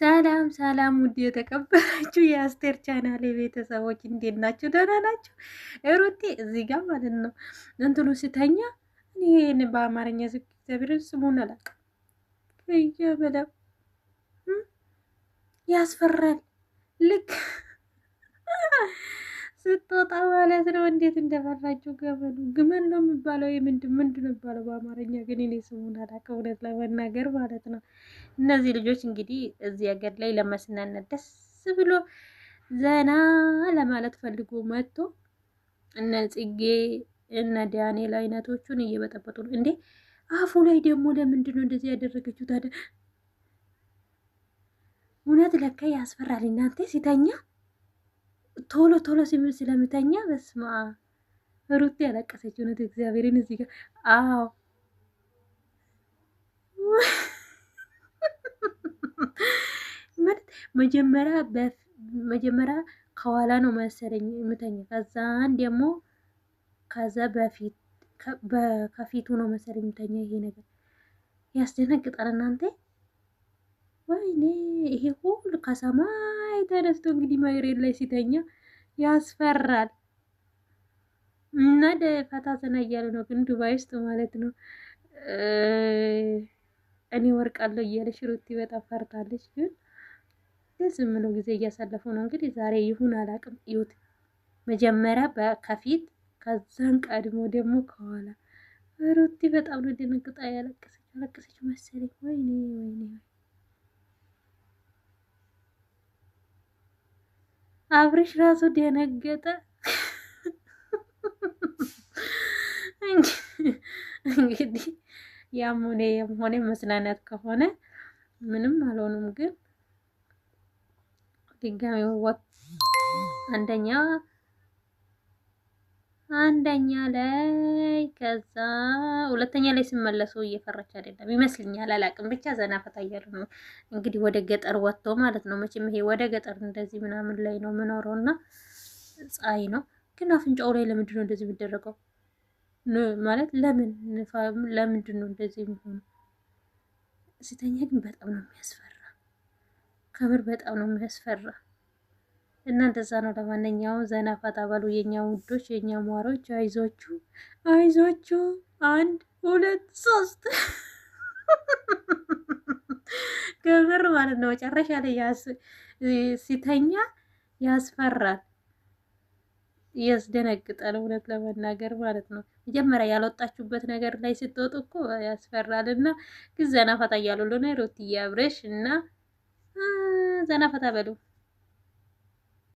ሰላም ሰላም፣ ውድ የተቀበላችሁ የአስቴር ቻናል ቤተሰቦች እንዴት ናችሁ? ደህና ናችሁ? ሩቴ እዚህ ጋር ማለት ነው እንትኑ ስተኛ ይህን በአማርኛ ስ እግዚአብሔርን ስሙን አላውቅም። በየበለው ያስፈራል ልክ ስትወጣ ማለት ነው። እንዴት እንደፈራችሁ ገመዱ ግመል ነው የሚባለው ምንድን ምንድ ነው የሚባለው በአማርኛ ግን እኔ ስሙን አላውቅም፣ እውነት ለመናገር ማለት ነው። እነዚህ ልጆች እንግዲህ እዚህ ሀገር ላይ ለመስናነት ደስ ብሎ ዘና ለማለት ፈልጎ መጥቶ እነ ጽጌ እነ ዳንኤል አይነቶቹን እየበጠበጡ ነው እንዴ! አፉ ላይ ደግሞ ለምንድን ነው እንደዚህ ያደረገችው ታዲያ? እውነት ለካ ያስፈራል እናንተ ሲተኛ ቶሎ ቶሎ ሲምል ስለምተኛ በስማ ሩቴ ያለቀሰች እውነት እግዚአብሔርን እዚህ ጋር አዎ ማለት መጀመሪያ መጀመሪያ ከኋላ ነው መሰለኝ የምተኛ ከዛን ደግሞ ከዛ በፊት ከፊቱ ነው መሰለኝ የምተኛ ይሄ ነገር ያስደነግጣል እናንተ ወይኔ ይሄ ሁሉ ከሰማይ ላይ ተነስቶ እንግዲህ መሬት ላይ ሲተኛ ያስፈራል። እና ደፈታ ዘና እያሉ ነው፣ ግን ዱባይ ውስጥ ማለት ነው። እኔ ወርቃለሁ እያለች ሩቲ በጣም ፈርታለች፣ ግን ደስ የምለው ጊዜ እያሳለፉ ነው። እንግዲህ ዛሬ ይሁን አላውቅም። ይሁት መጀመሪያ ከፊት ከዛን ቀድሞ ደግሞ ከኋላ ሩቲ በጣም ነው ደነግጣ ያለቀሰች ያለቀሰች መሰለኝ። ወይኔ ወይኔ አብርሽ ራሱ ደነገጠ። እንግዲህ ያም ሆነ ያም ሆነ መዝናናት ከሆነ ምንም አልሆኑም። ግን ድጋሚ አንደኛ አንደኛ ላይ ከዛ ሁለተኛ ላይ ሲመለሱ እየፈራች አይደለም ይመስልኛል፣ አላቅም ብቻ ዘና ፈታ እያሉ ነው እንግዲህ ወደ ገጠር ወጥተው ማለት ነው። መቼም ይሄ ወደ ገጠር እንደዚህ ምናምን ላይ ነው የምኖረው እና ፀሐይ ነው ግን አፍንጫው ላይ ለምንድን ነው እንደዚህ የሚደረገው? ማለት ለምን ለምንድን ነው እንደዚህ የሚሆኑ? ስተኛ ግን በጣም ነው የሚያስፈራ፣ ከምር በጣም ነው የሚያስፈራ። እና እንደዛ ነው። ለማንኛውም ዘና ፈታ በሉ የኛ ውዶች፣ የኛ ሟሮች፣ አይዞቹ አይዞቹ። አንድ ሁለት ሶስት ግብር ማለት ነው። መጨረሻ ላይ ሲተኛ ያስፈራል፣ ያስደነግጣል። እውነት ለመናገር ማለት ነው መጀመሪያ ያልወጣችሁበት ነገር ላይ ስትወጡ እኮ ያስፈራል። እና ግን ዘና ፈታ እያሉልን ሩት እያብረሽ እና ዘና ፈታ በሉ።